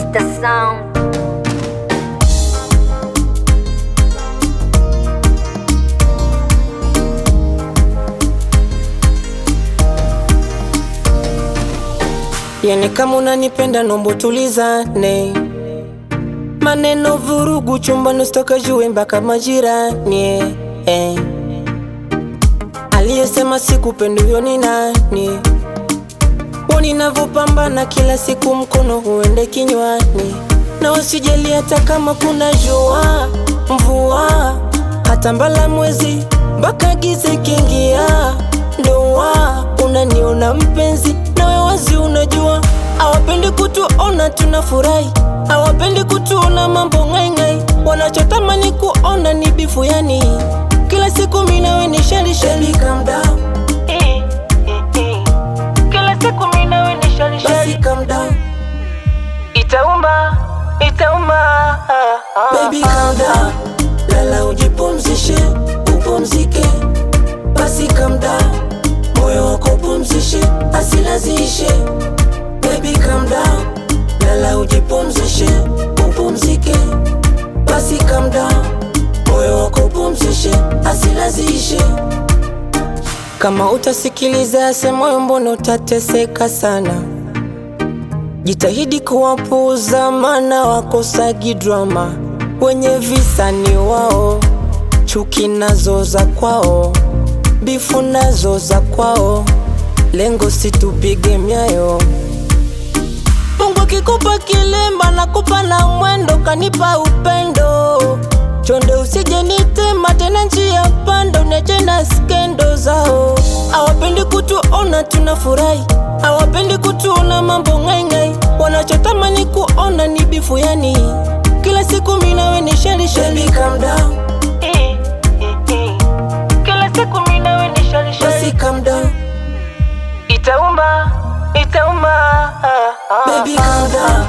estação. the sound. Yani kama unanipenda nombo tulizane, maneno vurugu chumbani usitoka juu mpaka majirani eh. Aliyesema sikupendi huyo ni nani? ninavyopambana kila siku, mkono huende kinywani, na wasijali hata kama kuna jua mvua, hata mbala mwezi mpaka gize kingia ndoa unaniona mpenzi, nawe wazi unajua hawapendi kutuona tunafurahi, hawapendi kutuona mambo ng'aing'ai, wanachotamani kuona ni bifu yani Baby calm down, lala ujipumzishe, upumzike, basi kamda, moyo wako upumzishe, asilaziishe. Baby calm down, lala ujipumzishe, upumzike, basi kamda, moyo wako upumzishe, asilaziishe. Kama utasikiliza yase moyo, mbona utateseka sana? Jitahidi kuwapuuza mana wakosagi drama, wenye visa ni wao, chuki nazo za kwao, bifu nazo za kwao, lengo situpige myayo. Mungu kikupa kilemba na kupa na mwendo, kanipa upendo chonde, usije nitema tena njia panda, uneche na skendo zao hawapendi kutuona tunafurahi, hawapendi kutuona mambo ngaingai, wanachotamani kuona ni bifu. Yani kila siku minawe ni shali shali, baby calm down. Eh, eh, eh. Kila siku minawe ni shali shali, baby calm down. Itauma, itauma, ah, ah, baby calm down